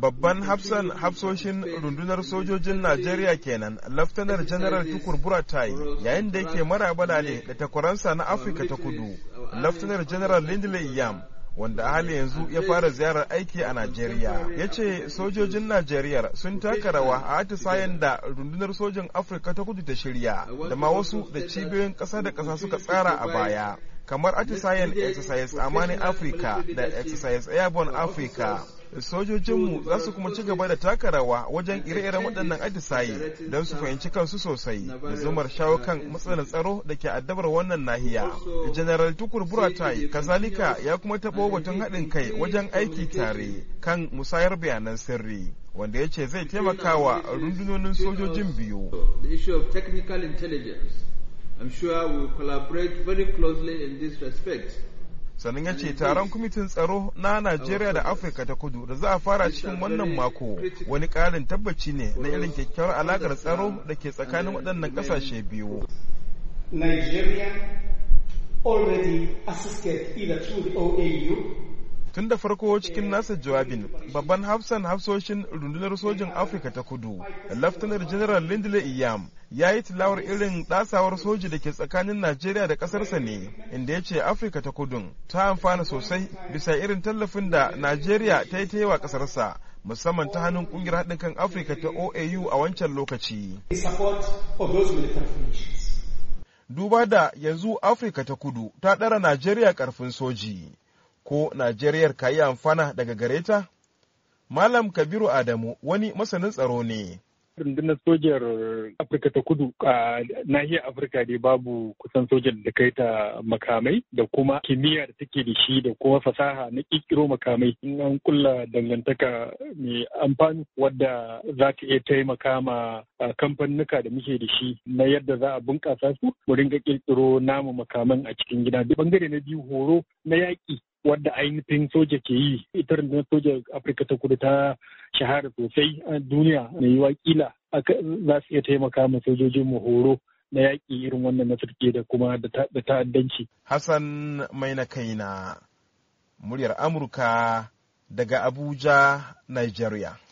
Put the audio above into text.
Babban hafsan hafsoshin rundunar sojojin Najeriya kenan, Laftanar General Tukur Buratai, yayin da yake maraba da takwaransa na Afirka ta kudu, Laftanar General Lindley Yam, wanda a hali yanzu ya fara ziyarar aiki a Najeriya. Ya ce sojojin Najeriya sun taka rawa a atisayen da rundunar sojin Afirka ta kudu ta shirya, da ma wasu da cibiyoyin ƙasa da ƙasa suka tsara a baya. kamar atisayen exercise amanin africa da exercise airborne africa sojojinmu za su kuma ci gaba da taka rawa wajen ire-iren waɗannan atisaye don su fahimci kansu sosai da zumar shawo kan matsalar tsaro da ke addabar wannan nahiya general tukur buratai kazalika ya kuma taɓo batun haɗin kai wajen aiki tare kan musayar bayanan sirri wanda ya ce zai taimaka wa rundunonin sojojin biyu I'm sure we will collaborate very closely in this respect. sannan ya ce taron kwamitin tsaro na najeriya da afirka ta kudu da za a fara cikin wannan mako wani karin tabbaci ne na irin kyakkyawar alaƙar tsaro da ke tsakanin waɗannan ƙasashe biyu tun da farko cikin nasa jawabin babban hafsan hafsoshin rundunar sojin afirka ta kudu laftanar general lindley iyam ya yi tilawar irin ɗasawar soji da ke tsakanin Najeriya da ƙasarsa ne, inda ya ce Afirka ta kudun ta amfana sosai bisa irin tallafin da Najeriya ta yi ta yi wa ƙasarsa, musamman ta hannun ƙungiyar haɗin kan Afirka ta OAU a wancan lokaci. Duba da yanzu Afirka ta kudu ta ɗara Najeriya ƙarfin soji, ko Najeriyar ka yi amfana daga gare ta? Malam Kabiru Adamu wani masanin tsaro ne. rundunar sojar afirka ta kudu a nahiyar afirka dai babu kusan sojar da kai ta makamai da kuma kimiyya da take da shi da kuma fasaha na kirkiro makamai in an kulla dangantaka mai amfani wadda za ta iya taimaka ma kamfanuka da muke da shi na yadda za a bunkasa su mu ringa kirkiro namu makaman a cikin gida bangare na biyu horo na yaƙi wadda ainihin soja ke yi ita rundunar soja afirka ta kudu ta shahara sosai a duniya Na yi kila za su iya taimaka ma sojojin mu horo na yaƙi irin wannan na da kuma da ta'addanci. Hassan mai na kaina muryar Amurka daga Abuja, Nigeria.